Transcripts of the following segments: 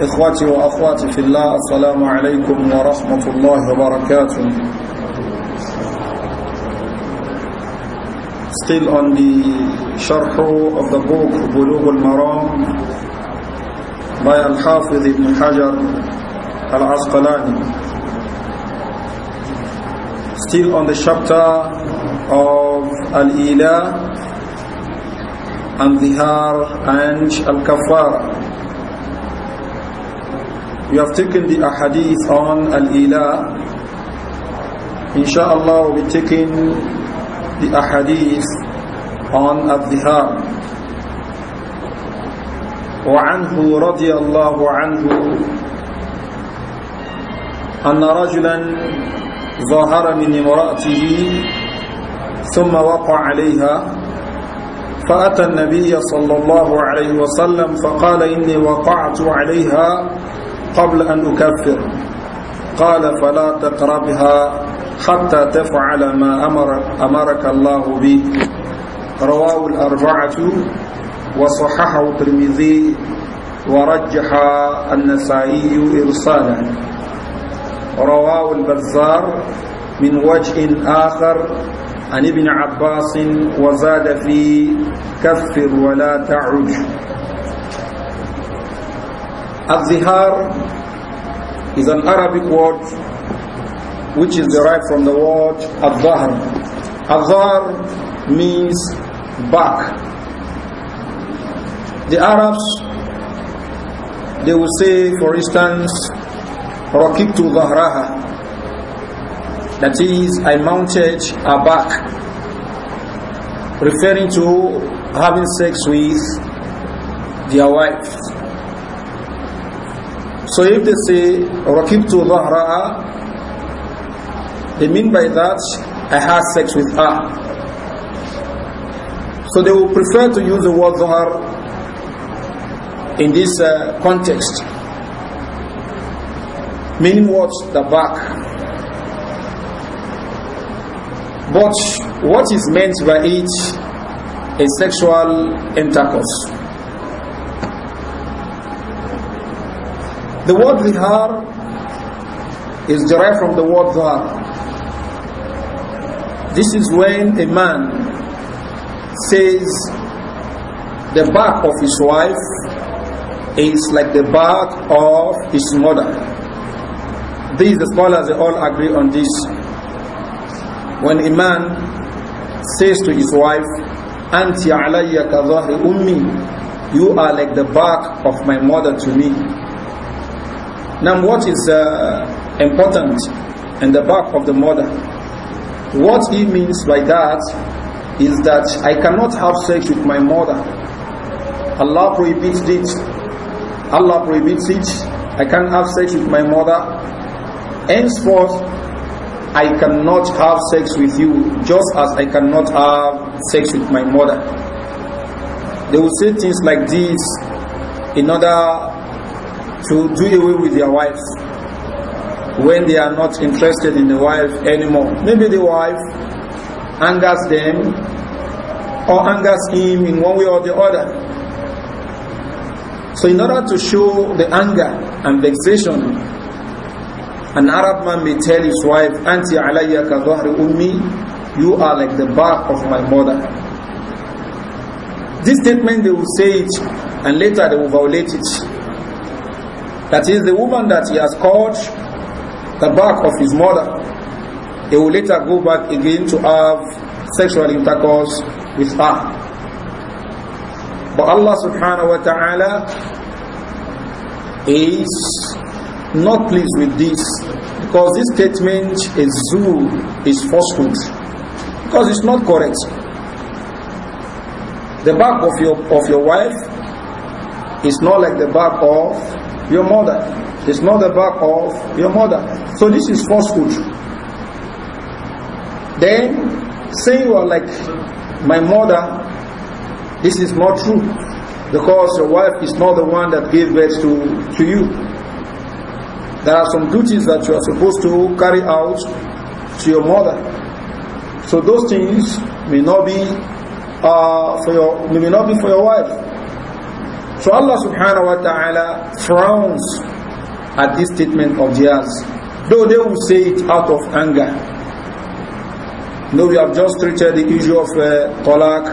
إخواتي وأخواتي في الله السلام عليكم ورحمة الله وبركاته Still on the شرح of the book بلوغ المرام maram by al ابن ibn Hajar al Still on the chapter of Al-Ila and Zihar and Al-Kafara We have taken the ahadith on Al-Ila. Inshallah, we'll be taking the ahadith on Al-Dhihar. وعنه رضي الله عنه أن رجلا ظهر من امرأته ثم وقع عليها فأتى النبي صلى الله عليه وسلم فقال إني وقعت عليها قبل أن أكفر قال فلا تقربها حتى تفعل ما أمر أمرك الله به رواه الأربعة وصححه الترمذي ورجح النسائي إرسالا رواه البزار من وجه آخر عن ابن عباس وزاد في كفر ولا تعج Al-Zihar is an Arabic word which is derived from the word al Azhar al means back. The Arabs, they will say, for instance, Rakibtu Dhahraha. That is, I mounted a back, referring to having sex with their wife. So if they say Rakibtu Dhahra'a, they mean by that I had sex with her. So they will prefer to use the word Dhahar in this uh, context. Meaning what? The back. But what is meant by it is sexual intercourse. The word zihar is derived from the word zahar. This is when a man says the back of his wife is like the back of his mother. These the scholars they all agree on this. When a man says to his wife, Anti alayya ummi, you are like the back of my mother to me. Now what is uh, important in the back of the mother? What he means by that is that I cannot have sex with my mother. Allah prohibits it. Allah prohibits it. I can't have sex with my mother. Henceforth, I cannot have sex with you just as I cannot have sex with my mother. They will say things like this in order to do away with their wife when they are not interested in the wife anymore. Maybe the wife angers them or angers him in one way or the other. So in order to show the anger and vexation, an Arab man may tell his wife, Anti alayya ka ummi, you are like the bark of my mother. This statement they will say it and later they will violate it. That is the woman that he has called the back of his mother. He will later go back again to have sexual intercourse with her. But Allah subhanahu wa ta'ala is not pleased with this because this statement is true is falsehood. Because it's not correct. The back of your of your wife is not like the back of your mother. It's not the back of your mother. So this is falsehood. Then saying you are like my mother, this is not true. Because your wife is not the one that gave birth to, to you. There are some duties that you are supposed to carry out to your mother. So those things may not be uh, for your may not be for your wife. So Allah subhanahu wa ta'ala frowns at this statement of theirs. Though they will say it out of anger. No, we have just treated the issue of uh, talaq.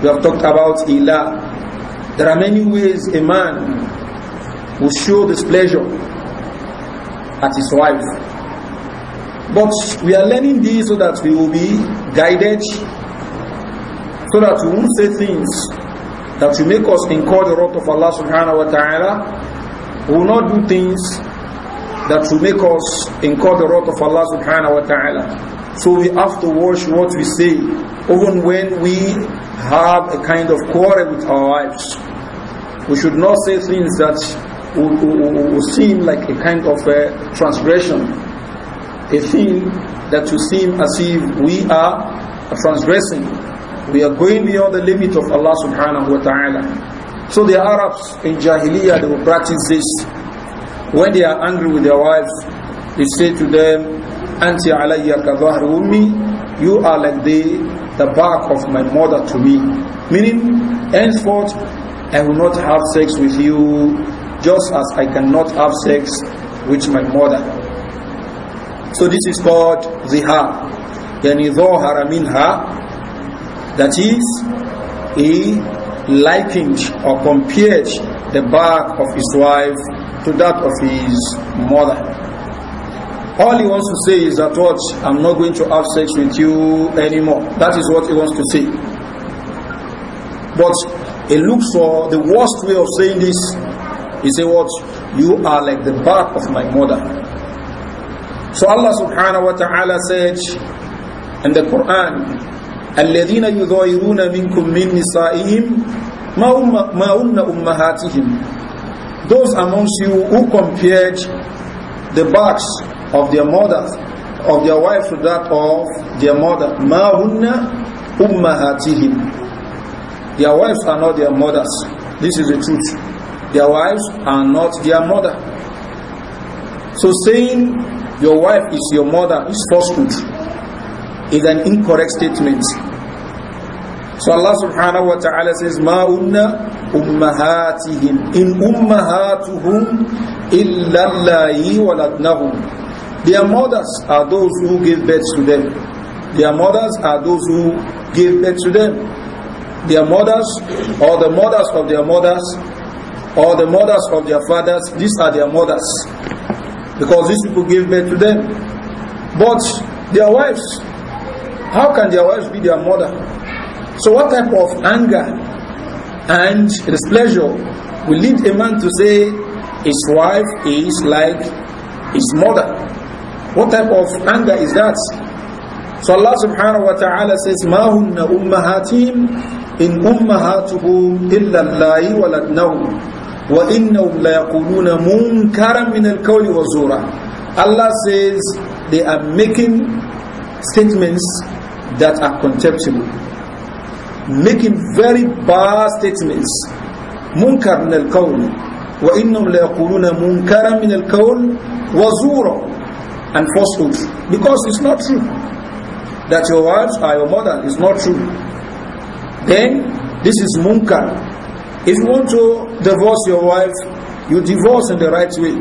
We have talked about ila. There are many ways a man will show displeasure at his wife. But we are learning this so that we will be guided, so that we won't say things that will make us incur the wrath of Allah subhanahu wa ta'ala. We will not do things that will make us incur the wrath of Allah subhanahu wa ta'ala. So we have to watch what we say, even when we have a kind of quarrel with our wives. We should not say things that will, will, will seem like a kind of a uh, transgression, a thing that will seem as if we are transgressing. We are going beyond the limit of Allah subhanahu wa ta'ala. So the Arabs in Jahiliyyah, they will practice this. When they are angry with their wives, they say to them, Anti alayya kadhahri you are like the, the back of my mother to me. Meaning, henceforth, I will not have sex with you just as I cannot have sex with my mother. So this is called zihar. Yani ظهر منها that is, he likened or compared the back of his wife to that of his mother. All he wants to say is that what, I'm not going to have sex with you anymore. That is what he wants to say. But he looks for the worst way of saying this. He says what, you are like the back of my mother. So Allah subhanahu wa ta'ala said in the Quran, الذين يظاهرون منكم من نسائهم ما هن أمهاتهم those amongst you who compared the backs of their mothers of their wives to that of their mother ما هن أمهاتهم their wives are not their mothers this is the truth their wives are not their mother so saying your wife is your mother is falsehood is an incorrect statement. So Allah subhanahu wa ta'ala says, مَا أُنَّ أُمَّهَاتِهِمْ إِنْ أُمَّهَاتُهُمْ إِلَّا اللَّهِ وَلَدْنَهُمْ Their mothers are those who gave birth to them. Their mothers are those who gave birth to them. Their mothers or the mothers of their mothers or the mothers of their fathers, these are their mothers. Because these people gave birth to them. But their wives how can their wives be their mother? So what type of anger and displeasure will lead a man to say his wife is like his mother? What type of anger is that? So Allah subhanahu wa ta'ala says, مَا هُنَّ أُمَّهَاتِهِمْ إِنْ أُمَّهَاتُهُمْ إِلَّا اللَّهِ وَلَدْنَهُمْ وَإِنَّهُمْ لَيَقُولُونَ مُنْكَرًا مِنَ الْكَوْلِ وَزُورًا Allah says, they are making statements that are contemptible, making very bad statements. Munkar min al-kawl, wa innum la yaquluna munkara min al-kawl, wa zura, and falsehood. Because it's not true that your wives are your mother. It's not true. Then this is munkar. If you want to divorce your wife, you divorce in the right way.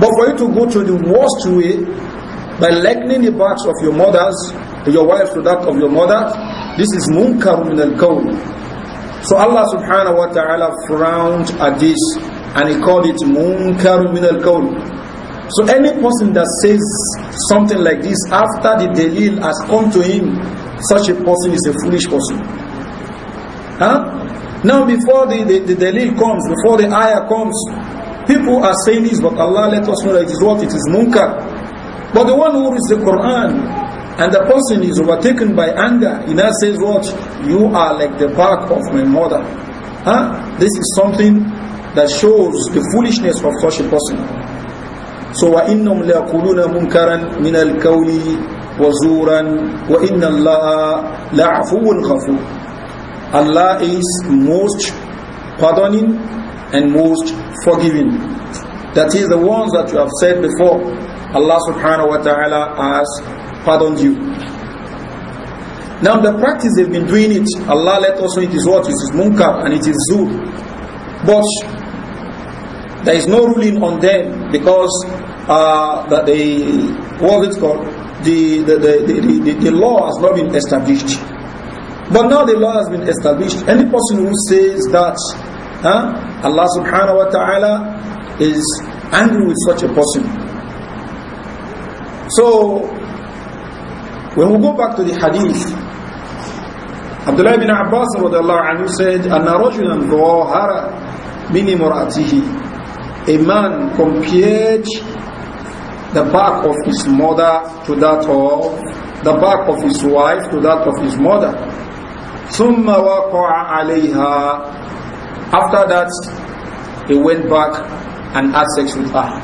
But for you to go to the worst way by likening the backs of your mothers to your wife, to that of your mother. This is munkar min al -kawl. So Allah subhanahu wa ta'ala frowned at this and he called it munkar min al -kawl. So any person that says something like this after the delil has come to him, such a person is a foolish person. Huh? Now before the, the, the delil comes, before the ayah comes, people are saying this, but Allah let us know that it is what? It is munkar. But the one who reads the Quran and the person is overtaken by anger, he now says what? You are like the bark of my mother. Huh? This is something that shows the foolishness of such a person. So وَإِنَّهُمْ لَيَقُولُونَ مُنْكَرًا مِنَ الْكَوْلِ وَزُورًا وَإِنَّ اللَّهَ لَعَفُوٌ غَفُورٌ Allah is most pardoning and most forgiving. That is the ones that you have said before. Allah subhanahu wa ta'ala has pardoned you. Now the practice they've been doing it, Allah let us know it is what? It is munkar and it is zul. But there is no ruling on them because uh, that they, what is it called? The, the, the, the, the law has not been established. But now the law has been established. Any person who says that huh, Allah subhanahu wa ta'ala is angry with such a person. So when we go back to the hadith, Abdullah ibn Abbas anhu said, أَنَّ رَجُلًا ظَوَهَرَ مِنِ مُرَأَتِهِ A man compared the back of his mother to that of the back of his wife to that of his mother. Thumma وَقَعَ After that, he went back and had sex with her.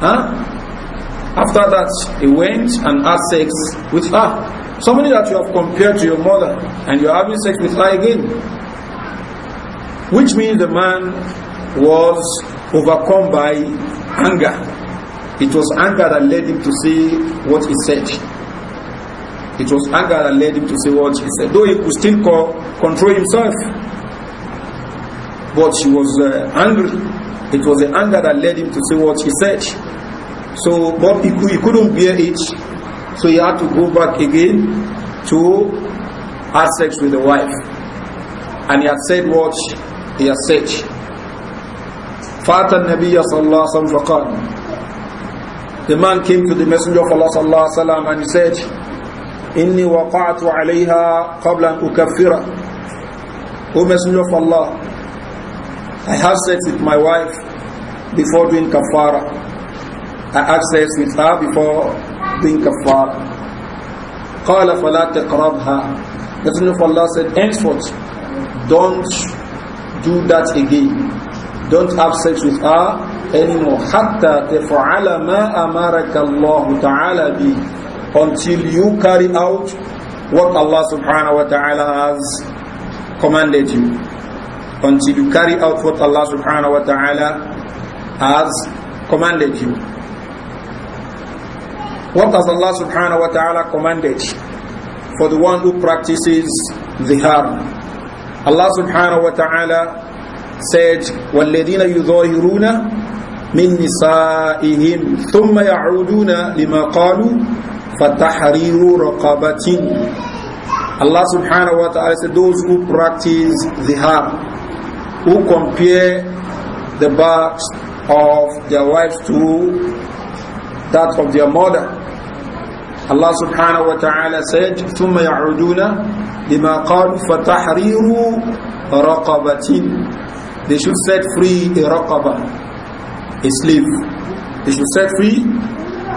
Huh? After that, he went and had sex with her. Somebody that you have compared to your mother and you're having sex with her again. Which means the man was overcome by anger. It was anger that led him to say what he said. It was anger that led him to say what he said. Though he could still control himself. But he was uh, angry. It was the anger that led him to say what he said. So, but he, he couldn't bear it, so he had to go back again to have sex with the wife. And he had said what he had said. فَأَتَى النَّبِيَّ صَلَّى اللَّهُ عَلَيْهِ The man came to the messenger of Allah and he said, إِنِّي وَقَعْتُ عَلَيْهَا قَبْلَ أَنْ O messenger of Allah, I have sex with my wife before doing kafara. I had sex with her before doing kafara. قال فلا تقربها Messenger of Allah said henceforth don't do that again don't have sex with her anymore حتى تفعل ما أمرك الله تعالى به until you carry out what Allah subhanahu wa ta'ala has commanded you until you carry out what Allah subhanahu wa ta'ala has commanded you what does Allah subhanahu wa ta'ala commanded for the one who practices zihar? Allah subhanahu wa ta'ala said, وَالَّذِينَ يُظَاهِرُونَ مِن نِسَائِهِمْ ثُمَّ يَعُودُونَ لِمَا قَالُوا فَتَحْرِيرُ رَقَبَةٍ Allah subhanahu wa ta'ala said, those who practice zihar, who compare the backs of their wives to that of their mother, Allah subhanahu wa ta'ala said, ثُمَّ يَعُدُونَ لِمَا قَالُوا فَتَحْرِيرُ رَقَبَةٍ They should set free a raqaba, a slave. They should set free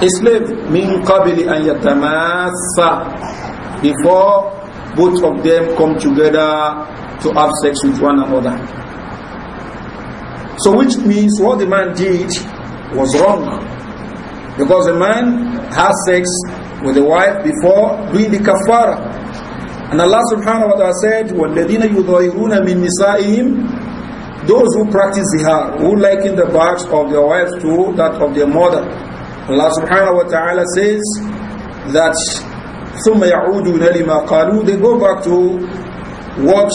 a slave. مِنْ قَبِلِ أَنْ يَتَمَاثَ Before both of them come together to have sex with one another. So which means what the man did was wrong. Because the man has sex with the wife before doing the kafara. And Allah subhanahu wa ta'ala said, وَالَّذِينَ يُظَاهِرُونَ مِن نِسَائِهِمْ Those who practice zihar, who liken the backs of their wives to that of their mother. Allah subhanahu wa ta'ala says that ثُمَّ يَعُودُونَ لِمَا قَالُوا They go back to what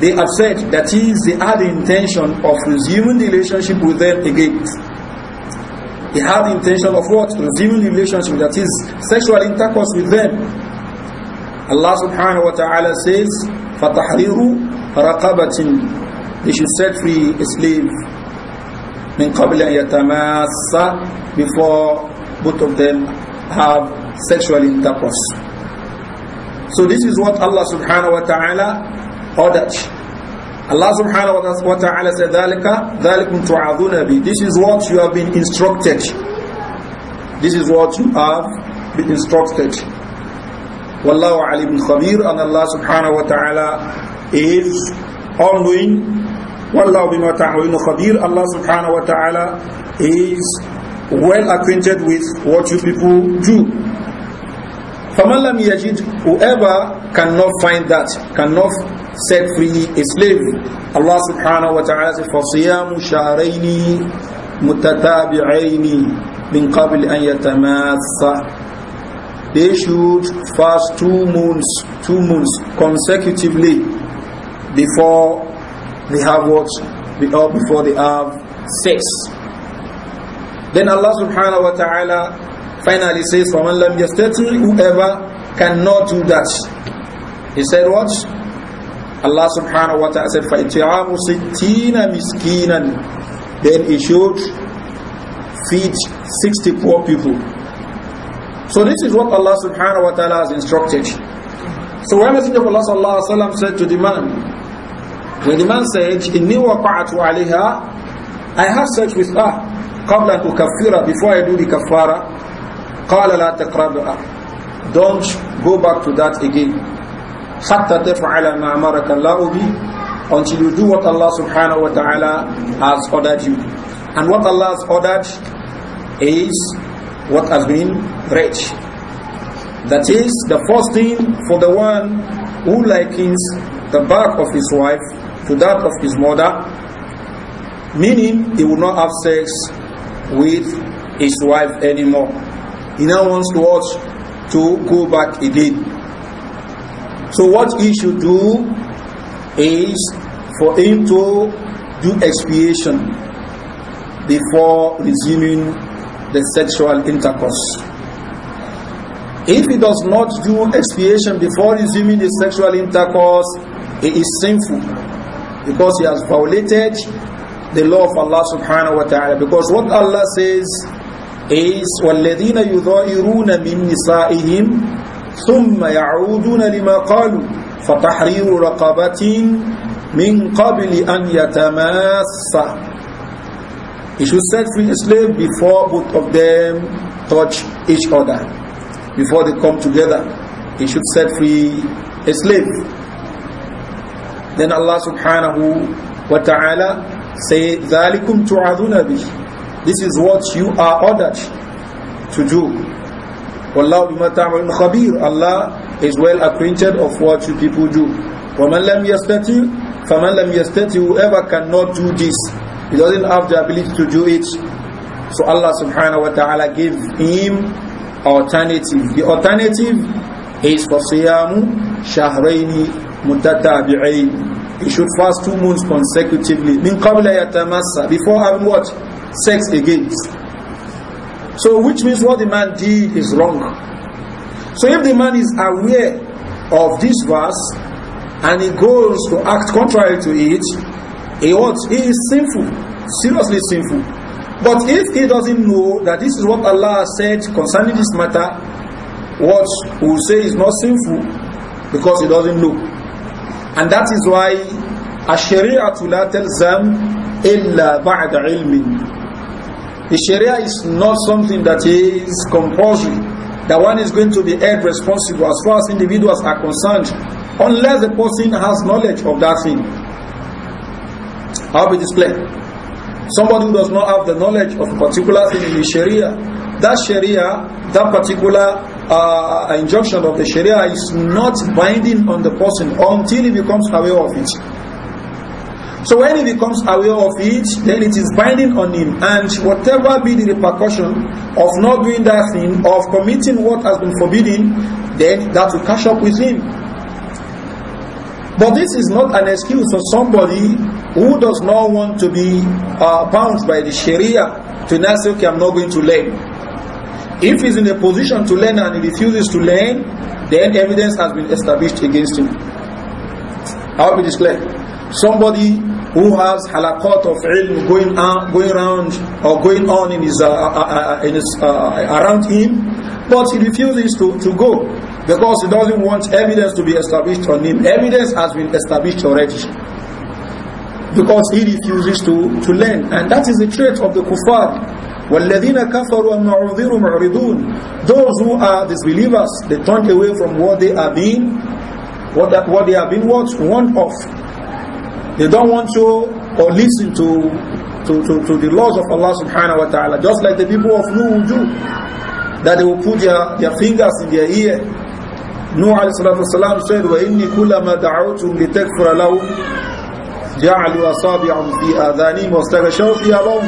they have said, that is, they had the intention of resuming the relationship with them again. He had the intention of what? Resuming the relationship, that is, sexual intercourse with them. Allah subhanahu wa ta'ala says, فَتَحْرِيرُ رَقَبَةٍ They should set free a slave مِنْ قَبْلَ يَتَمَاسَ Before both of them have sexual intercourse. So this is what Allah subhanahu wa ta'ala ordered Allah subhanahu wa ta'ala said, ذَلِكَ ذَلِكُمْ تُعَذُونَ بِهِ This is what you have been instructed. This is what you have been instructed. Wallahu alim khabir and Allah subhanahu wa ta'ala is all-knowing. Wallahu bima ta'winu khabir. Allah subhanahu wa ta'ala is well acquainted with what you people do. فَمَنْ لَمْ يَجِدْ Whoever cannot find that, cannot set free a slave. Allah subhanahu wa ta'ala says, فَصِيَامُ شَهْرَيْنِ مُتَتَابِعَيْنِ مِنْ قَبْلِ أَنْ يَتَمَاثَّ They should fast two months, two months consecutively before they have what? Before they have sex. Then Allah subhanahu wa ta'ala finally says, فَمَنْ لَمْ يَسْتَتِعْ Whoever cannot do that. He said what? Allah subhanahu wa ta'ala said, فَإِتِعَامُ سِتِّينَ مِسْكِينًا Then he should feed 60 poor people. So this is what Allah subhanahu wa ta'ala has instructed. So when Messenger of Allah sallallahu alayhi wa said to the man, when the man said, إِنِّي وَقَعَتُ عَلَيْهَا I have sex with her, قَبْلَ أَنْ تُكَفِّرَ Before I do the kafara, قَالَ لَا تَقْرَبُهَا Don't go back to that again. حَتَّى تَفْعَلَ مَا أَمَرَكَ اللَّهُ Until you do what Allah subhanahu wa ta'ala has ordered you. And what Allah has ordered is what has been read. That is the first thing for the one who likens the back of his wife to that of his mother, meaning he will not have sex with his wife anymore. He now wants to watch to go back again. So what he should do is for him to do expiation before resuming the sexual intercourse. If he does not do expiation before resuming the sexual intercourse, he is sinful because he has violated the law of Allah subhanahu wa ta'ala. Because what Allah says is, وَالَّذِينَ يُظَاهِرُونَ مِن نِسَائِهِمْ ثم يعودون لما قالوا فتحرير رقبة من قبل أن يتماس He should set free a slave before both of them touch each other. Before they come together, he should set free a slave. Then Allah subhanahu wa ta'ala say, ذَلِكُمْ تُعَذُونَ بِهِ This is what you are ordered to do. Wallahu bima ta'malun khabir. Allah is well acquainted of what you people do. وَمَنْ لَمْ يَسْتَتِي man to يَسْتَتِي Whoever cannot do this, he doesn't have the ability to do it. So Allah subhanahu wa ta'ala gave him alternative. The alternative is for siyamu shahrayni mutatabi'ayn. He should fast two months consecutively. Min qabla yatamassa. Before having what? Sex against. So which means what the man did is wrong. So if the man is aware of this verse and he goes to act contrary to it, he what? He is sinful, seriously sinful. But if he doesn't know that this is what Allah said concerning this matter, what we will say is not sinful because he doesn't know. And that is why الشريعة لا تلزم illa بعد علم The Sharia is not something that is compulsory, that one is going to be held responsible as far as individuals are concerned, unless the person has knowledge of that thing. How will this play? Somebody who does not have the knowledge of a particular thing in the Sharia, that Sharia, that particular uh, injunction of the Sharia is not binding on the person until he becomes aware of it. So when he becomes aware of it, then it is binding on him. And whatever be the repercussion of not doing that thing, of committing what has been forbidden, then that will catch up with him. But this is not an excuse for somebody who does not want to be uh, bound by the Sharia to now say, okay, I'm not going to learn. If he's in a position to learn and he refuses to learn, then evidence has been established against him. I hope it is clear. Somebody who has halakot of ilm going on, going around or going on in his, uh, uh, uh, uh in his uh, around him, but he refuses to, to go because he doesn't want evidence to be established on him. Evidence has been established already because he refuses to, to learn. And that is the trait of the kuffar. وَالَّذِينَ كَفَرُوا وَالنُّعُذِرُ مُعْرِضُونَ Those who are disbelievers, they turn away from what they are being, what, that, what they have been what? Warned off. They don't want to or listen to, to, to, to the laws of Allah subhanahu wa ta'ala, just like the people of Nuh will do, that they will put their, their fingers in their ear. Nuh alayhi salatu wasalam said, وَإِنِّي كُلَّمَا دَعَوْتُمْ لِتَكْفُرَ لَهُمْ جعلوا أصابعهم في آذانهم واستغشوا ثيابهم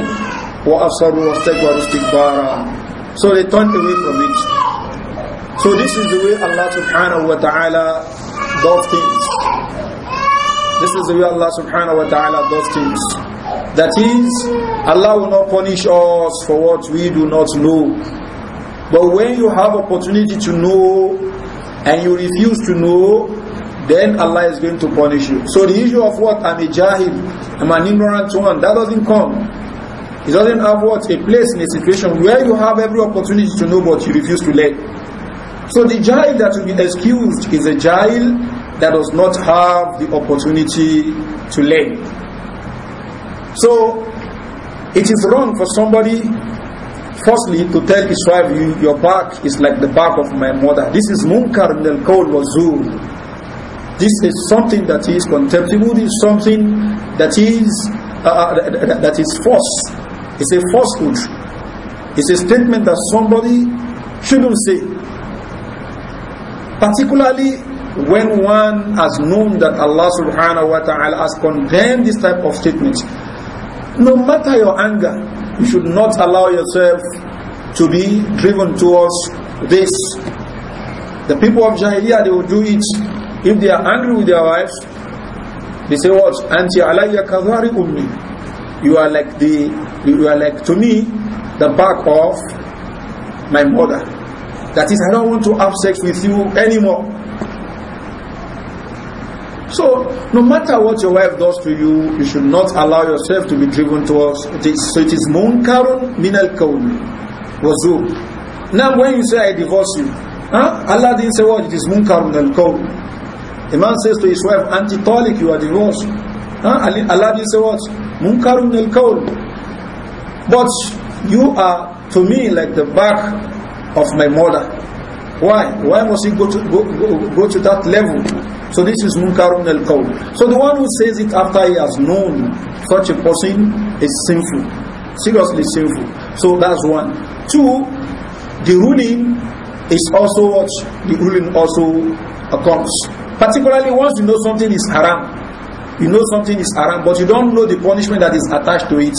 وأصروا واستكبروا استكبارا So they turned away from it. So this is the way Allah subhanahu wa ta'ala does things. This is the way Allah subhanahu wa ta'ala does things. That is, Allah will not punish us for what we do not know. But when you have opportunity to know and you refuse to know, then Allah is going to punish you. So the issue of what? I'm a jahil, I'm an ignorant one, that doesn't come. It doesn't have what? A place in a situation where you have every opportunity to know but you refuse to learn. So the jahil that will be excused is a jahil that does not have the opportunity to learn. So, it is wrong for somebody, firstly, to tell his wife, you, your back is like the back of my mother. This is munkar min al This is something that is contemptible, this is something that is, uh, uh that is false. It's a falsehood. It's a statement that somebody shouldn't say. Particularly when one has known that Allah subhanahu wa ta'ala has condemned this type of statement, no matter your anger, you should not allow yourself to be driven towards this. The people of Jahiliyyah, they will do it. If they are angry with their wives, they say what? Anti alayya kadhari ummi. You are like the, you are like to me, the back of my mother. That is, I don't want to have sex with you anymore. So, no matter what your wife does to you, you should not allow yourself to be driven towards it. So it is munkarun min al-kawl wazur. Now when you say I divorce you, huh? Allah didn't say what? It is munkarun al-kawl. A man says to his wife, anti talik you are divorced. Huh? Allah didn't say what? Munkarun al-kawl. But you are, to me, like the back of my mother. Why? Why must he go to, go, go, go to that level? So this is munkarun al qawl. So the one who says it after he has known such a person is sinful, seriously sinful. So that's one. Two, the ruling is also what the ruling also comes. Particularly once you know something is haram, you know something is haram, but you don't know the punishment that is attached to it.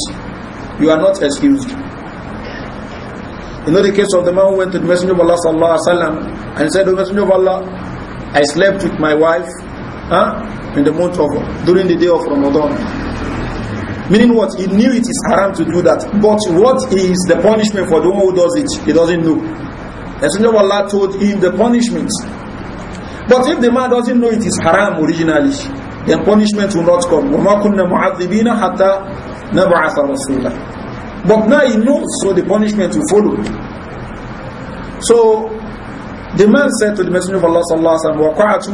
You are not excused. You know the case of the man who went to the Messenger of Allah sallallahu alaihi wasallam and said, "O Messenger of Allah." I slept with my wife huh, in the month of, during the day of Ramadan. Meaning what? He knew it is haram to do that. But what is the punishment for the one who does it? He doesn't know. Messenger of Allah told him the punishment. But if the man doesn't know it is haram originally, then punishment will not come. But now he knows, so the punishment will follow. So the man said to the Messenger of Allah sallallahu alaihi wasallam, "Waqa'atu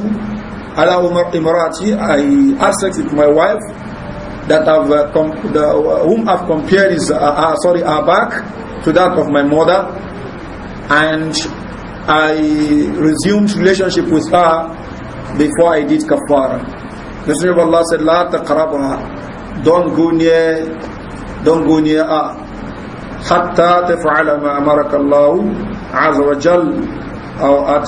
ala imrati." I had sex with my wife that have uh, the, uh, whom I've compared is uh, uh, sorry, our back to that of my mother, and I resumed relationship with her before I did kafara. Messenger of Allah said, "La taqrabaha." Don't go near, don't go near her. حتى تفعل ما أمرك الله عز وجل or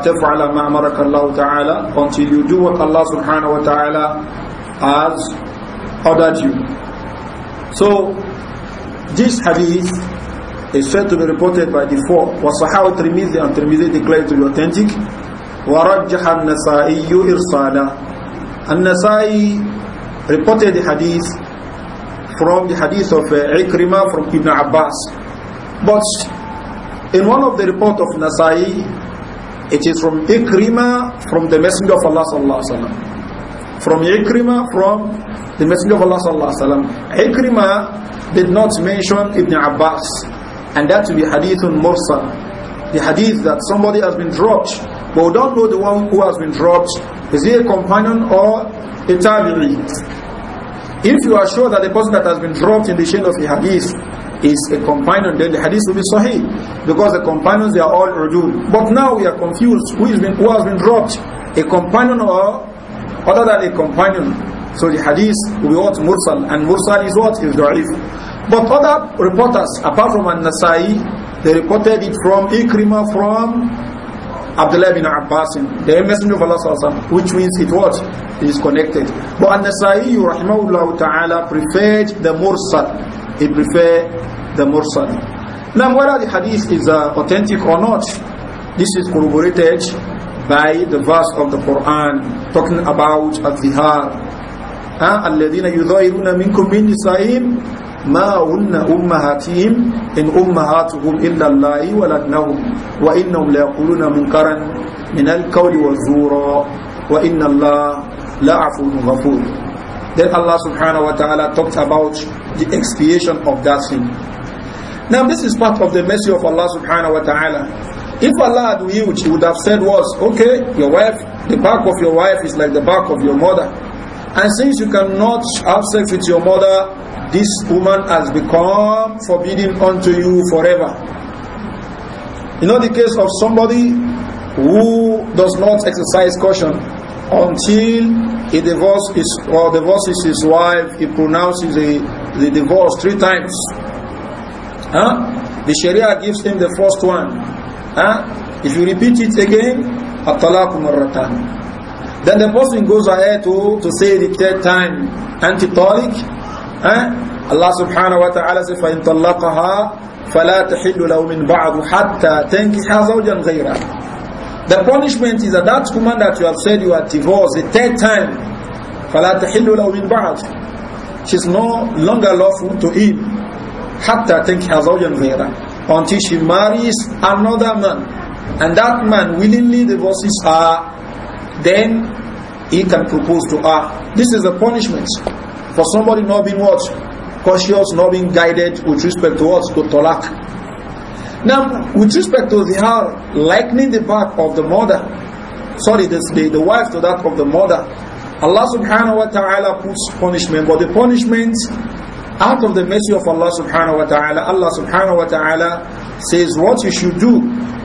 تفعل ما أمرك الله تعالى until you do what Allah subhanahu wa ta'ala has ordered you. So this hadith is said to be reported by the four. وصحاو ترمذي and ترمذي declared to be authentic. ورجح النسائي إرسالا النسائي reported the hadith from the hadith of uh, Ikrimah from Ibn Abbas. But in one of the report of Nasai, it is from Ikrima from the Messenger of Allah sallallahu alaihi wasallam. From Ikrima from the Messenger of Allah sallallahu alaihi wasallam. Ikrima did not mention Ibn Abbas, and that will be hadithun Mursa, The hadith that somebody has been dropped, but we don't know the one who has been dropped. Is he a companion or a tabi'i? If you are sure that the person that has been dropped in the chain of a hadith is a companion, then the hadith will be sahih. Because the companions, they are all rujul. But now we are confused. Who, is been, who has been dropped? A companion or other than a companion? So the hadith will be what? Mursal. And Mursal is what? Is da'if. But other reporters, apart from An-Nasai, they reported it from Ikrimah, from Abdullah bin Abbas, the Messenger of Allah sallallahu which means it was it is connected. But An-Nasai, rahimahullah ta'ala, preferred the Mursal. They prefer the mursal. Now, whether the hadith is uh, authentic or not, this is corroborated by the verse of the Quran talking about al-zihar. الَّذِينَ يُظَاهِرُونَ مِنْكُمْ مِنْ نِسَائِهِمْ ما هن أمهاتهم إن أمهاتهم إلا الله ولدنهم وإنهم ليقولون منكرا من القول والزورا وإن الله لعفو غفور then Allah subhanahu wa ta'ala talked about the expiation of that sin. Now this is part of the mercy of Allah subhanahu wa ta'ala. If Allah had willed, He would have said was, okay, your wife, the back of your wife is like the back of your mother. And since you cannot have sex with your mother, this woman has become forbidden unto you forever. You know the case of somebody who does not exercise caution until he divorces his, divorces his wife, he pronounces the, the divorce three times. Huh? The Sharia gives him the first one. Huh? If you repeat it again, Then the person goes ahead to, to say the third time, anti-talik. Huh? Allah subhanahu wa ta'ala says, فَإِن طَلَّقَهَا فَلَا تَحِلُّ لَهُ مِن بَعْضُ حَتَّى تَنْكِحَ زَوْجًا the punishment is that that woman that you have said you are divorced the third time, فَلَا تَحِلُّ لَهُ مِنْ بَعْدُ She's no longer lawful to him. حَتَّى تَنْكِحَ زَوْجًا غَيْرًا Until she marries another man. And that man willingly divorces her, then he can propose to her. This is the punishment for somebody not being what? Cautious, not being guided with respect to what? To talak. Now, with respect to zihar, likening the back of the mother, sorry, the, the, the wife to that of the mother, Allah subhanahu wa ta'ala puts punishment, but the punishment out of the mercy of Allah subhanahu wa ta'ala, Allah subhanahu wa ta'ala says what you should do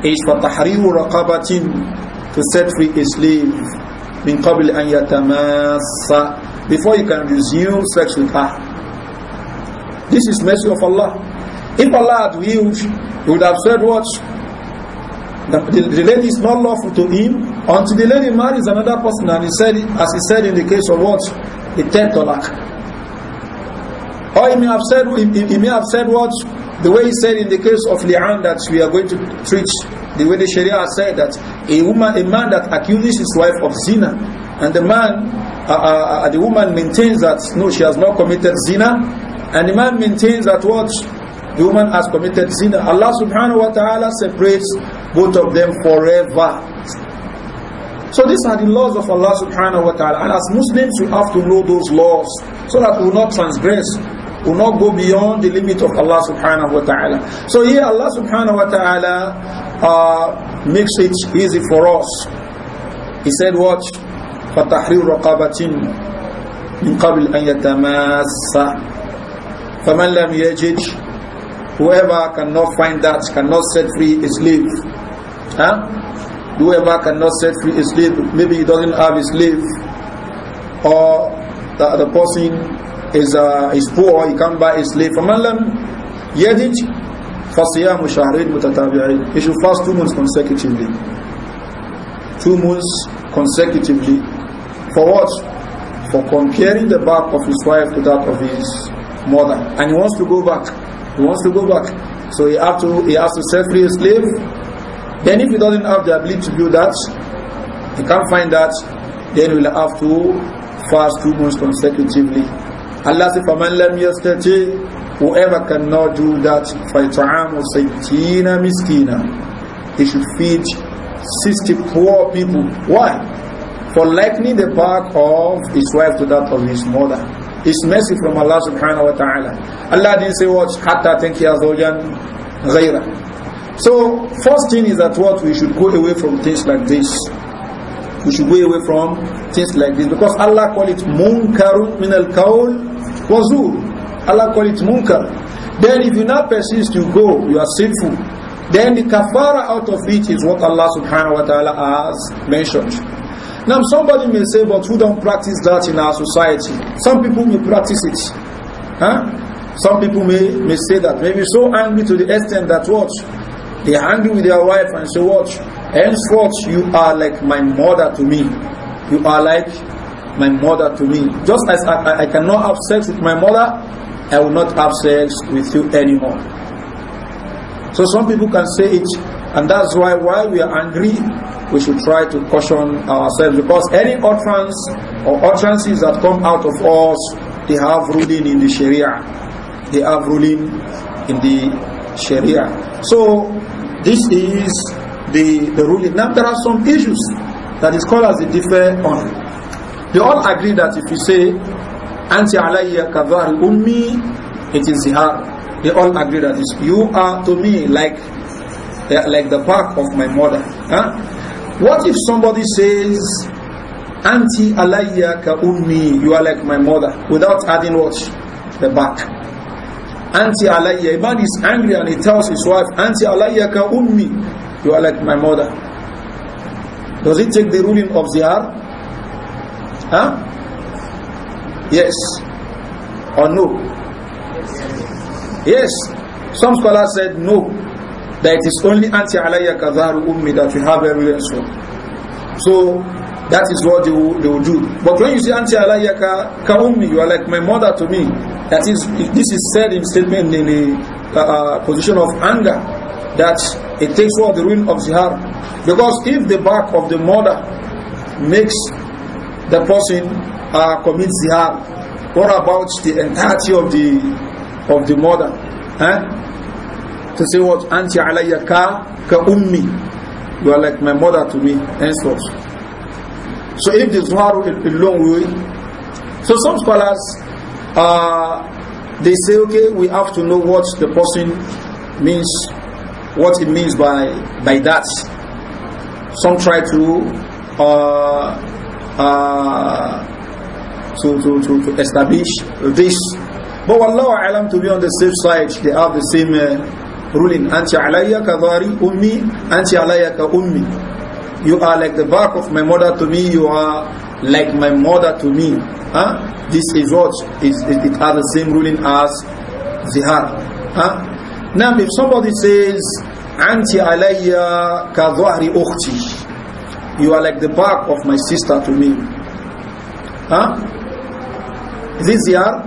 is فَتَحْرِيُّ رَقَبَةٍ to set free a slave مِنْ قَبْلِ أَنْ يَتَمَاسَ before you can resume sex with her. This is mercy of Allah. If Allah had he would have said what? The, the, the, lady is not lawful to him until the lady marries another person and he said as he said in the case of what a tenth talak or he may have said he, he, may have said what the way he said in the case of Li'an that we are going to treat the way the Sharia said that a woman a man that accuses his wife of zina and the man uh, uh, uh the woman maintains that no she has not committed zina and the man maintains that what the woman has committed sin. Allah subhanahu wa ta'ala separates both of them forever. So these are the laws of Allah subhanahu wa ta'ala. And as Muslims, we have to know those laws so that we will not transgress, we will not go beyond the limit of Allah subhanahu wa ta'ala. So here Allah subhanahu wa ta'ala uh, makes it easy for us. He said "Watch, فَتَحْرِيرُ رَقَابَةٍ مِنْ قَبْلِ أَنْ يَتَمَاسَّ فَمَنْ لَمْ يَجِدْ Whoever cannot find that, cannot set free his slave. Huh? Whoever cannot set free his slave, maybe he doesn't have his slave, or the, the person is, uh, is poor, he can't buy a slave. فَمَنْ لَمْ يَدِجْ فَصِيَامُ شَهْرِينَ مُتَتَابِعِينَ He should fast two months consecutively. Two months consecutively. For what? For comparing the back of his wife to that of his mother. And he wants to go back. He wants to go back. So he, has to, he has to set free a slave. Then if he doesn't have the ability to do that, he can't find that, then we'll have to fast two months consecutively. Allah says, فَمَنْ لَمْ يَسْتَتِي Whoever cannot do that, فَيْتَعَامُ سَيْتِينَ مِسْكِينَ He should feed 60 poor people. Why? For likening the back of his wife to that of his mother. It's mercy from Allah subhanahu wa ta'ala. Allah didn't say what? Hatta tanki azawjan ghaira. So, first thing is that what? We should go away from things like this. We should go away from things like this. Because Allah call it munkarun min al-kawl wazur. Allah call it munkar. Then if you now persist, you go, you are sinful. Then the kafara out of it is what Allah subhanahu wa ta'ala has mentioned. Now somebody may say, but who don't practice that in our society. Some people may practice it. Huh? Some people may, may say that. Maybe so angry to the extent that what? They are angry with their wife and say, what? Henceforth, you are like my mother to me. You are like my mother to me. Just as I, I, cannot have sex with my mother, I will not have sex with you anymore. So some people can say it, and that's why why we are angry we should try to caution ourselves because any utterance or utterances that come out of us, they have ruling in the Sharia. They have ruling in the Sharia. So this is the, the ruling. Now there are some issues that the scholars differ on. They all agree that if you say anti alayya kavari ummi, it is zihar. They all agree that you are to me like like the back of my mother. Huh? What if somebody says, Anti alayya ka ummi, you are like my mother, without adding what? The back. Anti alayya, a man is angry and he tells his wife, Anti alayya ka ummi, you are like my mother. Does it take the ruling of ziyar? Huh? Yes. Or no? Yes. Some scholars said no that it is only anti alayya ummi that you have evidence for. So that is what they will, they will do. But when you say anti alayya ka, ka ummi, you are like my mother to me. That is, this is said in statement in a uh, uh, position of anger that it takes for the ruin of zihar. Because if the back of the mother makes the person uh, commit zihar, what about the entirety of the of the mother? to say what anti alayya ka ka ummi you are like my mother to me henceforth so if the zuhar long way, so some scholars uh, they say okay we have to know what the person means what it means by by that some try to uh, uh, to, to, to, to establish this but wallahu alam to be on the safe side they have the same uh, ruling anti alayya ka ummi anti alayya ka ummi you are like the back of my mother to me you are like my mother to me huh? this is what is it, it has the same ruling as zihar huh? now if somebody says anti alayya ka dhari ukhti you are like the back of my sister to me huh? is this zihar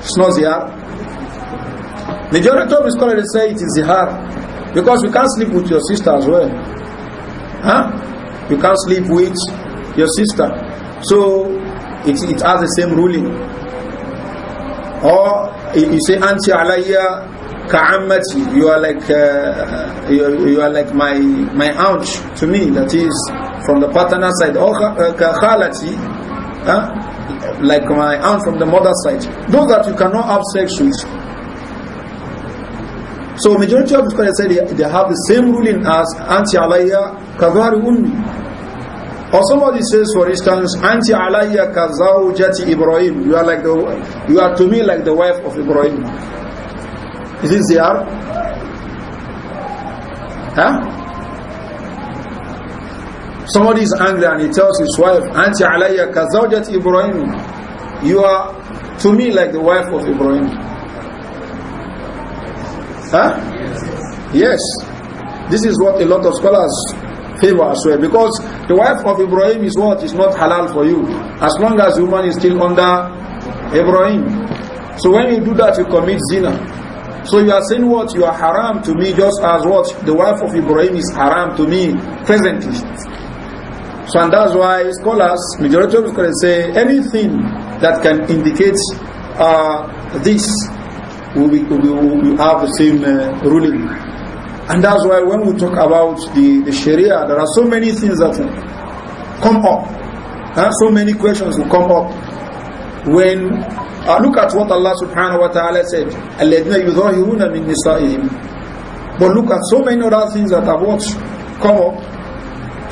it's not zihar Majority of the scholars say it is zihar because you can't sleep with your sister as well. Huh? You can't sleep with your sister. So it, it has the same ruling. Or you say anti alayya ka'ammati you are like uh, you, you, are like my my aunt to me that is from the paternal side or uh, khalati huh? like my aunt from the mother side those that you cannot have sex with so majority of the scholars say they, they have the same ruling as anti alaya kadhari ummi. Or somebody says, for instance, anti alayya kazawjati Ibrahim. You are like the, you are to me like the wife of Ibrahim. Is this the art? Huh? Somebody is angry and he tells his wife, anti alayya kazawjati Ibrahim. You are to me like the wife of Ibrahim. Huh? Yes. This is what a lot of scholars favor as well. Because the wife of Ibrahim is what? Is not halal for you. As long as the woman is still under Ibrahim. So when you do that, you commit zina. So you are saying what? You are haram to me just as what? The wife of Ibrahim is haram to me presently. So and that's why scholars, majority of scholars say anything that can indicate uh, this we have the same uh, ruling. And that's why when we talk about the, the Sharia, there are so many things that uh, come up. Huh? So many questions will come up. When uh, look at what Allah subhanahu wa ta'ala said, الَّذِينَ يُظَاهِرُونَ مِن نِسَائِهِمْ But look at so many other things that have what come up.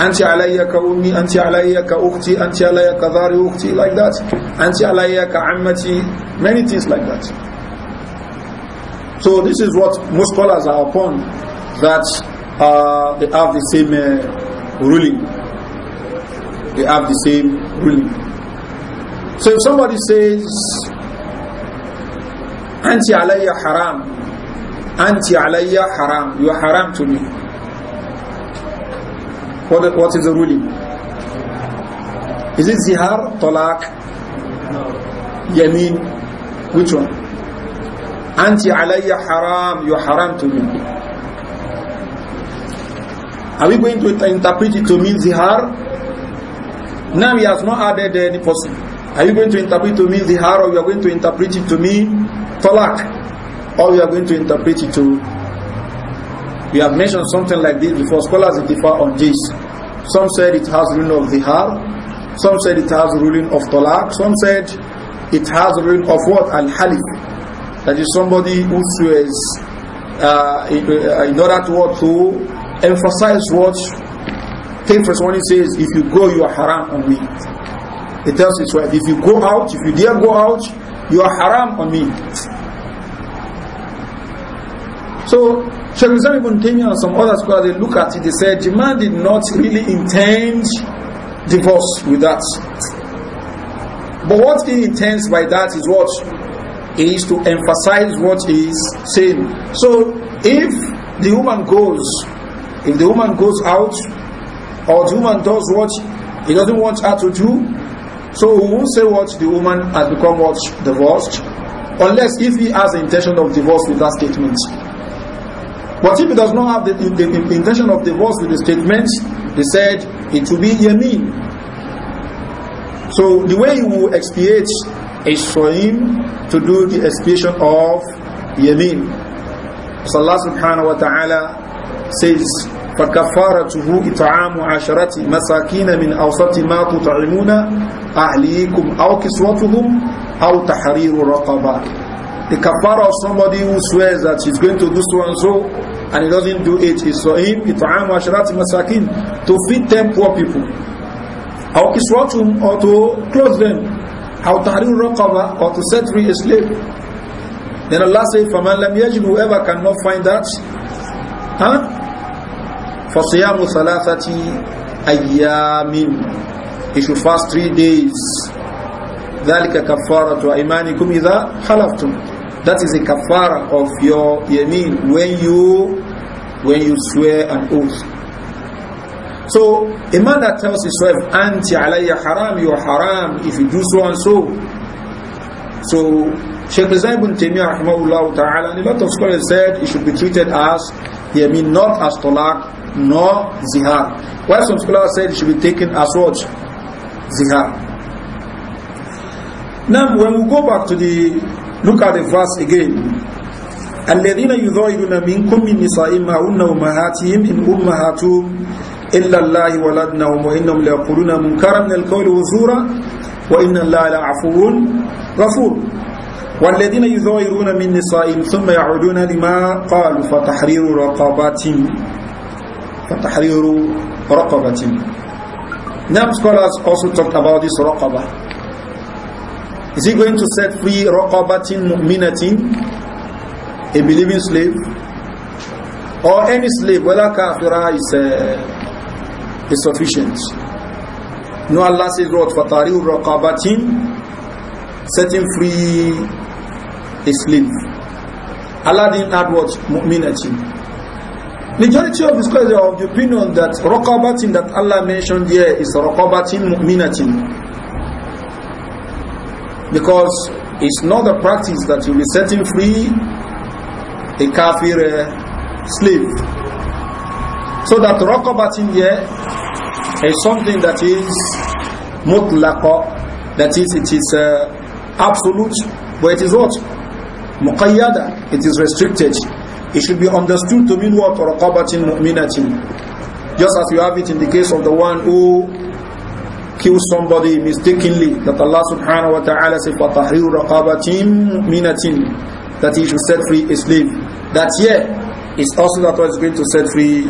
أنت علي kaumi, أنت علي كأختي أنت علي كذاري أختي like that أنت علي كعمتي many things like that so this is what most scholars are upon, that uh, they have the same uh, ruling. They have the same ruling. So if somebody says, Anti alayya haram, Anti alayya haram, you are haram to me. What, what is the ruling? Is it zihar, talak, yamin? Which one? Anti alayya haram, you're haram to me. Are we going to interpret it to mean zihar? Now he has not added any person. Are you going to interpret to mean zihar or you are going to interpret it to mean talak? Or you are going to interpret it to... We have mentioned something like this before. Scholars differ on this. Some said it has ruling of zihar. Some said it has ruling of talak. Some said it has ruling of what? Al-halif. That is somebody who swears uh, in, uh, in order to, to emphasize what take first one he says if you go you are haram on me. It tells his wife if you go out, if you dare go out, you are haram on me. So Shaykh Islam Ibn Taymiyyah and some other scholars they look at it, they said the man did not really intend divorce with that. But what he intends by that is what is to emphasize what is seen. So if the woman goes, if the woman goes out, or the woman does what he doesn't want her to do, so we won't say what the woman has become what divorced, unless if he has the intention of divorce with that statement. But if he does not have the, the, the intention of divorce with the statement, he said it will be Yemen. So the way you will expiate him to do the expiation of Yamin. So Allah subhanahu wa ta'ala says, فكفارته إطعام عشرة مساكين من أوسط ما تطعمون أهليكم أو كسوتهم أو تحرير رقبة The kafara of somebody who swears that he's going to do so and so and he doesn't do it is for him إطعام عشرة مساكين to feed them poor people أو كسوتهم or to clothe them أو تحرير رقبة or to set free a slave then Allah says فَمَنْ لَمْ يَجِدْ whoever cannot find that huh? فَصِيَامُ ثَلَاثَةِ أَيَّامٍ he should fast three days ذَلِكَ كَفَّارَةُ أَيْمَانِكُمْ إِذَا خَلَفْتُمْ that is a kafara of your yameen when you when you swear an oath So a man that tells his wife, auntie alayya haram, you are haram if you do so and so. So Sheikh Zayn ibn Taymiyyah rahimahullah ta'ala and a lot of scholars said it should be treated as I mean not as talaq nor zihar. While some scholars said it should be taken as what? Zihar. Now when we go back to the look at the verse again الذين يظاهرون منكم من نسائهم هن أمهاتهم إن أمهاتهم إلا الله ولدنا وإنهم ليقولون منكرا من القول وزورا وإن الله لعفو غفور والذين يظاهرون من نسائهم ثم يعودون لما قالوا فتحرير رقبات فتحرير رقبة Now scholars also talked about this raqabah. Is he going to set free raqabatin mu'minatin, a believing slave, or any slave, whether kafira is a uh, is sufficient. No Allah says what? Fatarihu raqabatin, setting free a slave. Allah didn't add what? Mu'minatin. Majority of the scholars are of the opinion that raqabatin that Allah mentioned here is raqabatin mu'minatin. Because it's not the practice that you'll be setting free a kafir uh, slave. So that raqabatin here is something that is mutlaqa, that is, it is uh, absolute, but it is what? Muqayyada, it is restricted. It should be understood to mean what? Raqabatin mu'minatin. Just as you have it in the case of the one who kills somebody mistakenly, that Allah subhanahu wa ta'ala says, فَتَحْرِيرُ رَقَابَةٍ مُؤْمِنَةٍ That he should set free a slave. That here is also that what is going to set free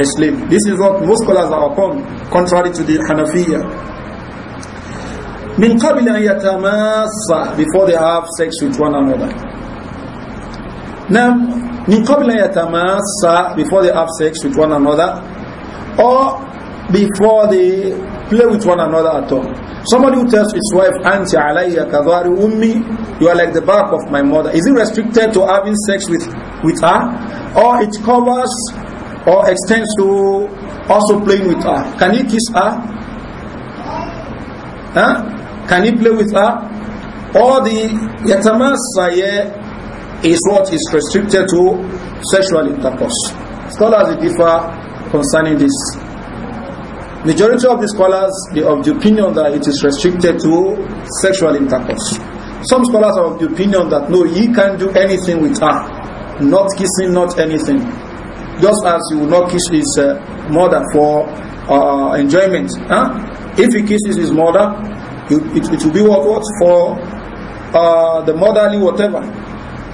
a slave. This is what most scholars are upon, contrary to the Hanafiya. Min قبل أن before they have sex with one another. Now, min قبل أن before they have sex with one another, or before they play with one another at all. Somebody who tells his wife, "Auntie, alayya kadhari ummi, you are like the bark of my mother. Is it restricted to having sex with, with her? Or it covers or extends to also playing with her. Can he kiss her? Huh? Can he play with her? Or the yatamassaye is what is restricted to sexual intercourse. Scholars differ concerning this. Majority of the scholars are of the opinion that it is restricted to sexual intercourse. Some scholars are of the opinion that no, he can't do anything with her. Not kissing, not anything just as he will not kiss his uh, mother for uh, uh enjoyment. Huh? If he kisses his mother, it, it, it will be what, what? For uh, the motherly whatever.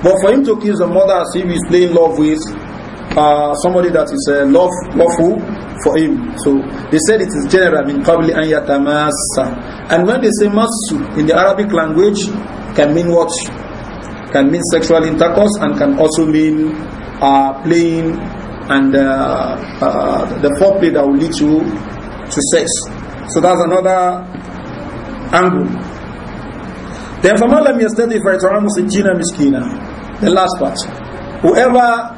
But for him to kiss the mother as if he's playing love with uh, somebody that is uh, love, lawful for him. So they said it is general in probably an yatamasa. And when they say masu in the Arabic language, can mean what? Can mean sexual intercourse and can also mean uh, playing and uh, uh, the foreplay that will lead to, to sex. So that's another angle. Then فَمَا لَمْ يَسْتَدِي فَيْتَعَامُ سِجِّينَ مِسْكِينَ The last part. Whoever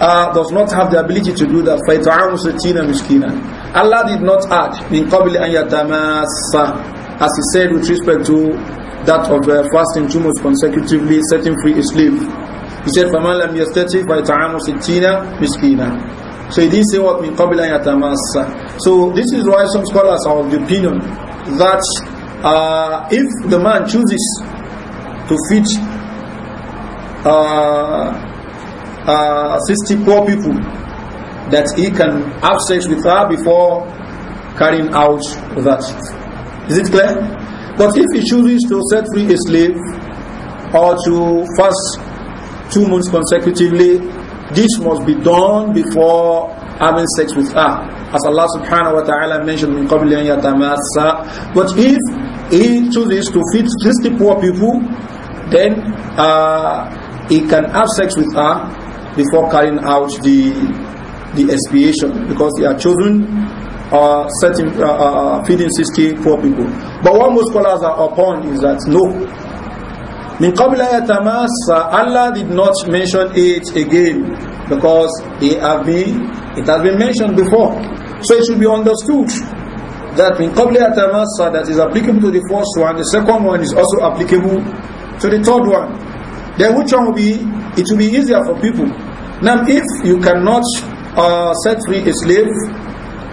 uh, does not have the ability to do that. فَيْتَعَامُ سِتِينَ مِسْكِينًا Allah did not add مِنْ قَبْلِ أَنْ يَتَمَاسَ As He said with respect to that of uh, fasting two months consecutively, setting free a slave. He said, فَمَنْ لَمْ يَسْتَتِفْ فَيْتَعَامُ سِتِّينَ مِسْكِينًا So he didn't say what min qabla yatamassa. So this is why some scholars are of the opinion that uh, if the man chooses to feed uh, uh, 60 poor people, that he can have sex with her before carrying out that. Is it clear? But if he chooses to set free a slave or to fast two months consecutively, this must be done before having sex with her. As Allah subhanahu wa ta'ala mentioned in قَبْلِ أَنْ But if he chooses to feed 60 poor people, then uh, he can have sex with her before carrying out the the expiation because he has chosen uh, certain, uh, uh, feeding 60 poor people. But what most scholars are upon is that no, Min qabla yatamassa, Allah did not mention it again because it has been, it has been mentioned before. So it should be understood that min qabla yatamassa that is applicable to the first one, the second one is also applicable to the third one. Then which one will be, it will be easier for people. Now if you cannot uh, set free a slave,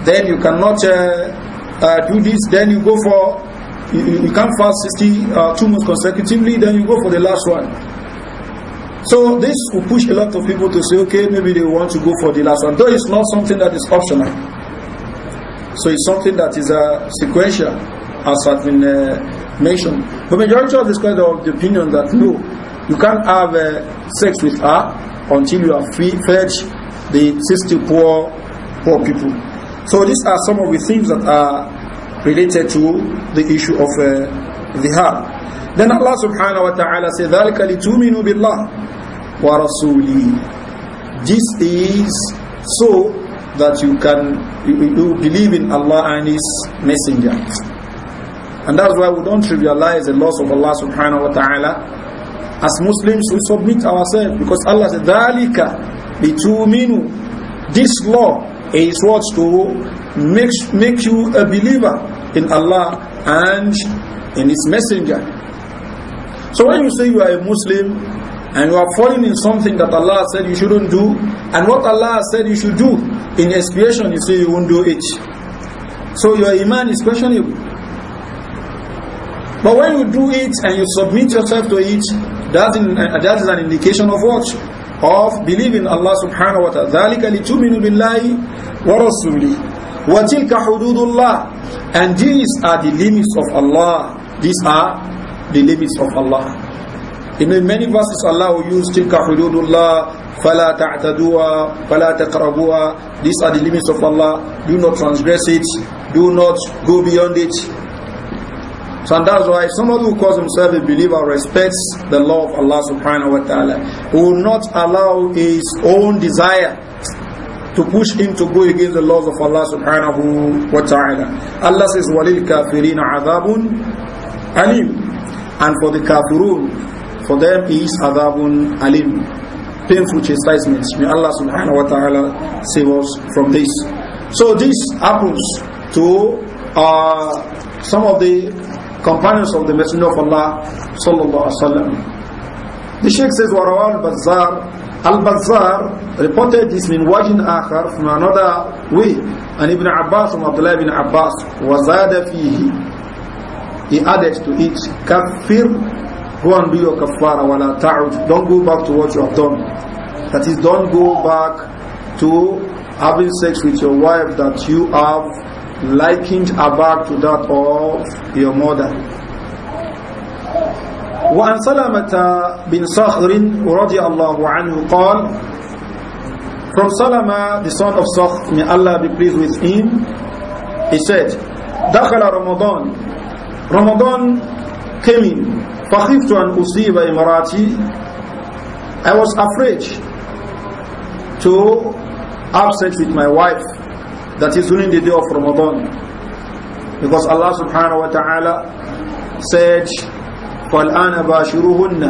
then you cannot uh, uh, do this, then you go for you, you can't fast 60, uh, two months consecutively, then you go for the last one. So this will push a lot of people to say, okay, maybe they want to go for the last one. Though it's not something that is optional. So it's something that is a uh, sequential, as has been uh, mentioned. The majority of the scholars of the opinion that no, you can't have uh, sex with her until you have free, fed the 60 poor, poor people. So these are some of the things that are related to the issue of uh, dhihar. Then Allah subhanahu wa ta'ala says, ذَلْكَ لِتُؤْمِنُوا بِاللَّهِ وَرَسُولِهِ This is so that you can you, you believe in Allah and His Messenger. And that's why we don't trivialize the loss of Allah subhanahu wa ta'ala. As Muslims, we submit ourselves because Allah said, ذَلِكَ لِتُؤْمِنُوا This law is what to make, make you a believer in Allah and in His Messenger. So when you say you are a Muslim and you are falling in something that Allah said you shouldn't do, and what Allah said you should do in expiation, you say you won't do it. So your iman is questionable. But when you do it and you submit yourself to it, that is an indication of what? of believing Allah subhanahu wa ta'ala. ذَلِكَ لِتُؤْمِنُوا بِاللَّهِ وَرَسُولِهِ وَتِلْكَ حُدُودُ اللَّهِ And these are the limits of Allah. These are the limits of Allah. In many verses Allah will use تِلْكَ حُدُودُ اللَّهِ فَلَا تَعْتَدُوهَا فَلَا تَقْرَبُوهَا These are the limits of Allah. Do not transgress it. Do not go beyond it. So and that's why someone who calls himself a believer respects the law of Allah subhanahu wa ta'ala, who will not allow his own desire to push him to go against the laws of Allah subhanahu wa ta'ala. Allah says, وَلِلْ كَافِرِينَ عَذَابٌ alim, And for the kafirun, for them is adabun alim, painful chastisements. May Allah subhanahu wa ta'ala save us from this. So this happens to uh, some of the companions of the Messenger of Allah sallallahu alaihi wasallam. The Sheikh says, "Warawal Bazar." Al-Bazzar reported this min wajin akhar from another way, and Ibn Abbas from Abdullah ibn Abbas wazada fihi. He added to it, "Kafir, go and do your kafara, wala ta'ud. Don't go back to what you have done. That is, don't go back to having sex with your wife that you have likened her back to that of your mother وعن سلامة بن صخر رضي الله عنه قال From Salama, the son of Sakh, may Allah be pleased with him, he said, دخل رمضان رمضان came in فخفت أن أصيب إمراتي I was afraid to upset with my wife that is during the day of Ramadan Because Allah subhanahu wa ta'ala said, فَالْآنَ بَاشِرُهُنَّ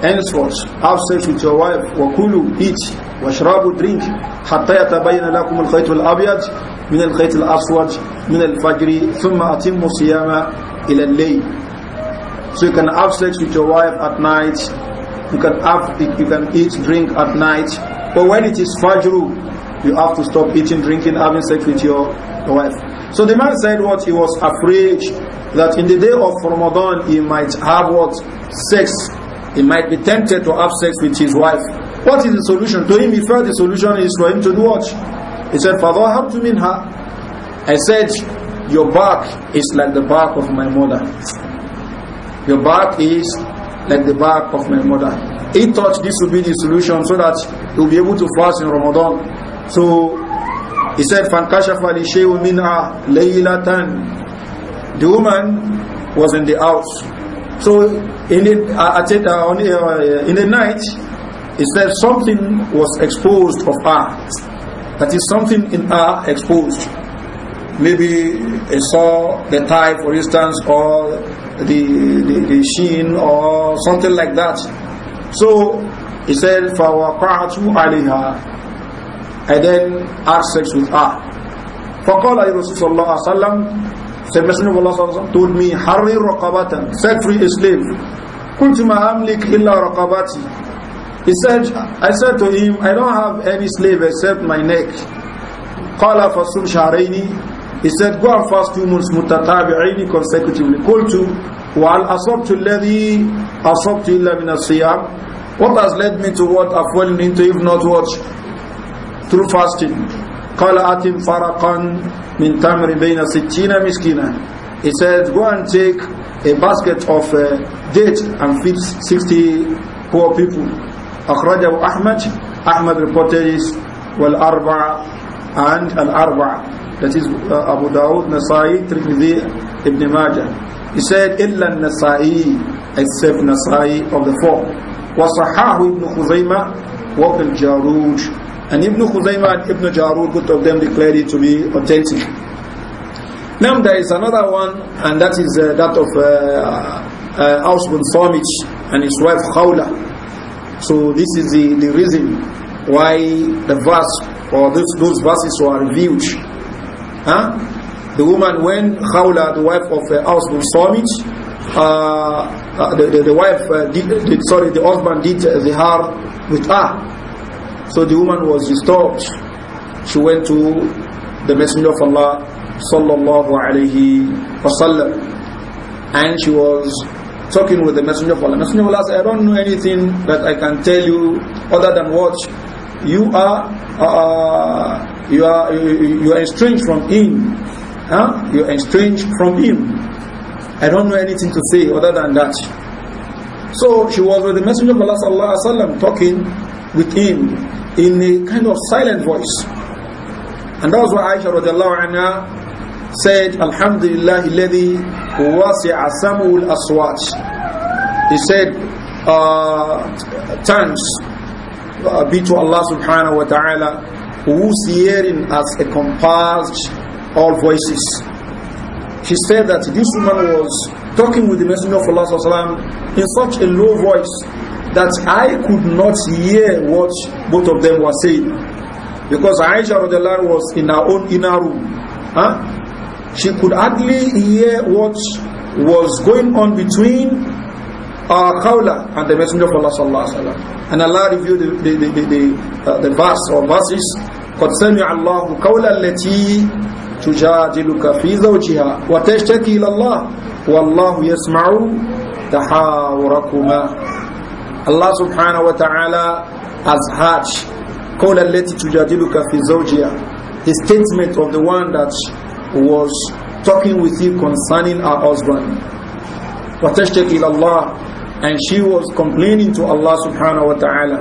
Henceforth, have sex with your wife, وَكُلُوا Eat, وَشْرَابُوا Drink, حَتَّى يَتَبَيَّنَ لَكُمُ الْخَيْتُ الْأَبْيَدِ مِنَ الْخَيْتِ الْأَصْوَدِ مِنَ الْفَجْرِ ثُمَّ أَتِمُّ الصِّيَامَ إِلَى اللَّيْلِ So you can have sex with your wife at night, you can have, you can eat, drink at night, but when it is fajru You have to stop eating, drinking, having sex with your wife. So the man said what? He was afraid that in the day of Ramadan he might have what? Sex. He might be tempted to have sex with his wife. What is the solution? To him he felt the solution is for him to do what? He said, Father, how mean her? I said, your back is like the back of my mother. Your back is like the back of my mother. He thought this would be the solution so that he will be able to fast in Ramadan. So he said, فَانْكَشَفَ لِشَيْءٌ مِنْهَا لَيْلَةً The woman was in the house. So in the, uh, in the night, he said something was exposed of her. That is something in her exposed. Maybe he saw the tie, for instance, or the, the, the sheen, or something like that. So he said, فَوَقَعْتُ عَلَيْهَا and then had sex with her. فَقَالَ الرَّسُولُ صلى الله عليه وسلم said Messenger of Allah صلى الله عليه وسلم told me حَرِّرْ رَقَبَةً set free a slave كُنْتُ مَا أَمْلِكْ إِلَّا He said, I said to him, I don't have any slave except my neck. قَالَ فَصُمْ شَعْرَيْنِ He said, go and fast two months متتابعين consecutively. قُلْتُ وَعَلْ أَصَبْتُ الَّذِي أَصَبْتُ إِلَّا مِنَ الصِّيَامِ What has led me to what I've fallen into if not what through fasting. قَالَ أَتِمْ faraqan مِنْ تَمْرِ بَيْنَ سِتِّينَ miskina. He said, go and take a basket of uh, date and feed 60 poor people. Akhrajahu أَحْمَدْ أَحْمَدْ reported this. Wal Arba' and Al Arba' that is uh, Abu Dawud, Nasai, Tirmidhi, Ibn Majah. He said, Illa Nasai, except Nasai of the four. وصحاه ابن خزيمة وابن الجاروج And Ibn Khuzaimah and Ibn Jarur, both of them declared it to be authentic. Now there is another one, and that is uh, that of uh, uh, and his wife Khawla. So this is the, the reason why the verse or those, those verses were revealed. Huh? The woman, when Khawla, the wife of uh, Aus uh, uh, the, the, the, wife uh, did, did, sorry, the husband did uh, the har with her. So the woman was disturbed. She went to the Messenger of Allah sallallahu alayhi wasallam and she was talking with the Messenger of Allah. Messenger of Allah said, I don't know anything that I can tell you other than what you are uh, uh you are you, you are estranged from him. Huh? You are estranged from him. I don't know anything to say other than that. So she was with the Messenger of Allah sallallahu alayhi wa sallam talking with him in a kind of silent voice. And that's why Aisha radiallahu anha said, Alhamdulillah, الذي واسع سمع He said, uh, thanks uh, be to Allah subhanahu wa ta'ala whose hearing has encompassed all voices. She said that this woman was talking with the Messenger of Allah in such a low voice that I could not hear what both of them were saying. Because Aisha radiallahu was in her own inner room. Huh? She could hardly hear what was going on between uh, Kaula and the Messenger of Allah sallallahu alaihi wasallam. And Allah revealed the, the, the, the, uh, the verse or verses قد سمع الله قول التي تجادلك في زوجها وتشتكي إلى الله والله يسمع تحاوركما Allah subhanahu wa ta'ala has hatched قول التي تجادلك في زوجها his statement of the one that was talking with you concerning her husband وتشتكي إلى Allah, and she was complaining to Allah subhanahu wa ta'ala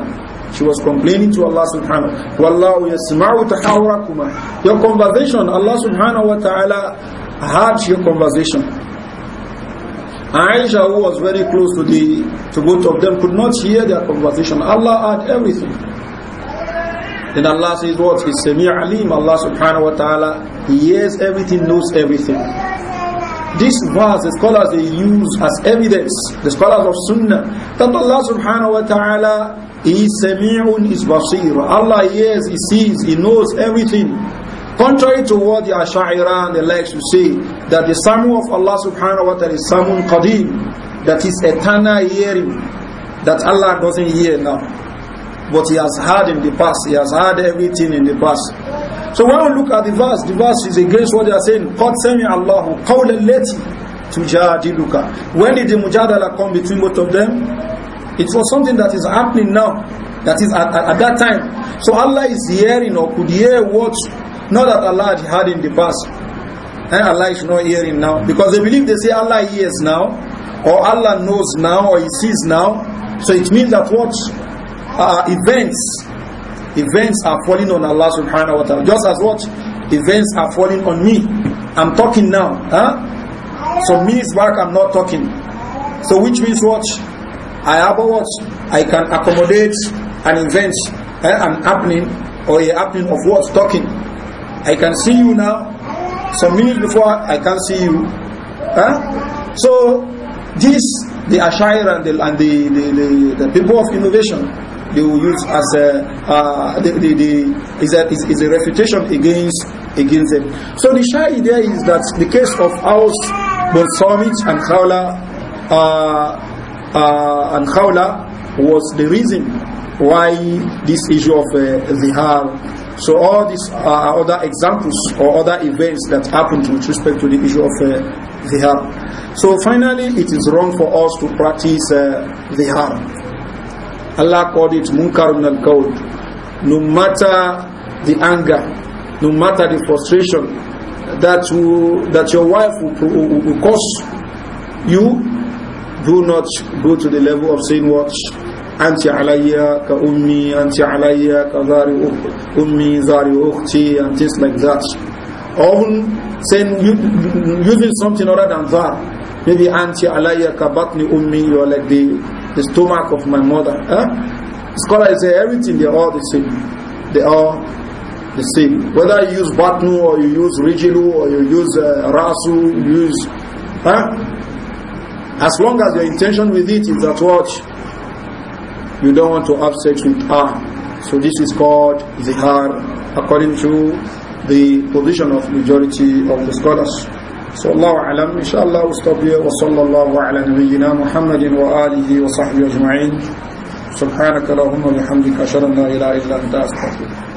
she was complaining to Allah subhanahu wallahu yasma'u tahawrakuma your conversation Allah subhanahu wa ta'ala heard your conversation Aisha, who was very close to the to both of them, could not hear their conversation. Allah had everything. Then Allah says what? He's Sami' Alim. Allah subhanahu wa ta'ala hears everything, knows everything. This verse, the scholars they use as evidence, the scholars of Sunnah, that Allah subhanahu wa ta'ala is Sami'un, is Basir. Allah hears, He sees, He knows everything. Contrary to what the Ash'ira and the likes would say, that the Samu of Allah subhanahu wa ta'ala is Samun Qadim, that is eternal hearing, that Allah doesn't hear now. But He has heard in the past, He has heard everything in the past. So when we look at the verse, the verse is against what they are saying. قَدْ سَمِعَ اللَّهُ قَوْلَ الَّتِي تُجَادِلُكَ When did the mujadala come between both of them? It was something that is happening now. That is at, at, at that time. So Allah is hearing or could hear what not that Allah had in the past. And eh, Allah is not hearing now. Because they believe they say Allah hears now, or Allah knows now, or He sees now. So it means that what uh, events, events are falling on Allah subhanahu wa ta'ala. Just as what events are falling on me. I'm talking now. Huh? So me is back, I'm not talking. So which means what? I have a what? I can accommodate an event, eh, an happening, or a happening of what? Talking. I can see you now. Some minutes before, I can't see you. Huh? So, this, the Ashair and, the, and the, the, the, the people of innovation, they will use as a, uh, the, the, the, is, a is, is a refutation against against them. So the shy idea is that the case of Aus, both Samit and Khawla, uh, uh, and Khawla was the reason why this issue of uh, Zihar so all these are other examples or other events that happened with respect to the issue of uh, zihar. So finally, it is wrong for us to practice uh, zihar. Allah called it munkar min al No matter the anger, no matter the frustration that you, that your wife will, will, will cause you, do not go to the level of saying what Anti-alaya, كأمي أنت علي كذاري أمي zari أختي and things like that often saying using something other than that maybe anti alaya kabatni ummi you are like the, the stomach of my mother eh? scholars say everything they are all the same they are the same whether you use batnu or you use rijilu or you use uh, rasu you use eh? as long as your intention with it is that watch you don't want to have sex with her. So this is called zihar, according to the position of majority of the scholars. So Allah alam, inshallah we'll stop here. Wa sallallahu ala nabiyyina Muhammadin wa alihi wa sahbihi ajma'in. Subhanaka اللهم وبحمدك اشهد ان illa اله الا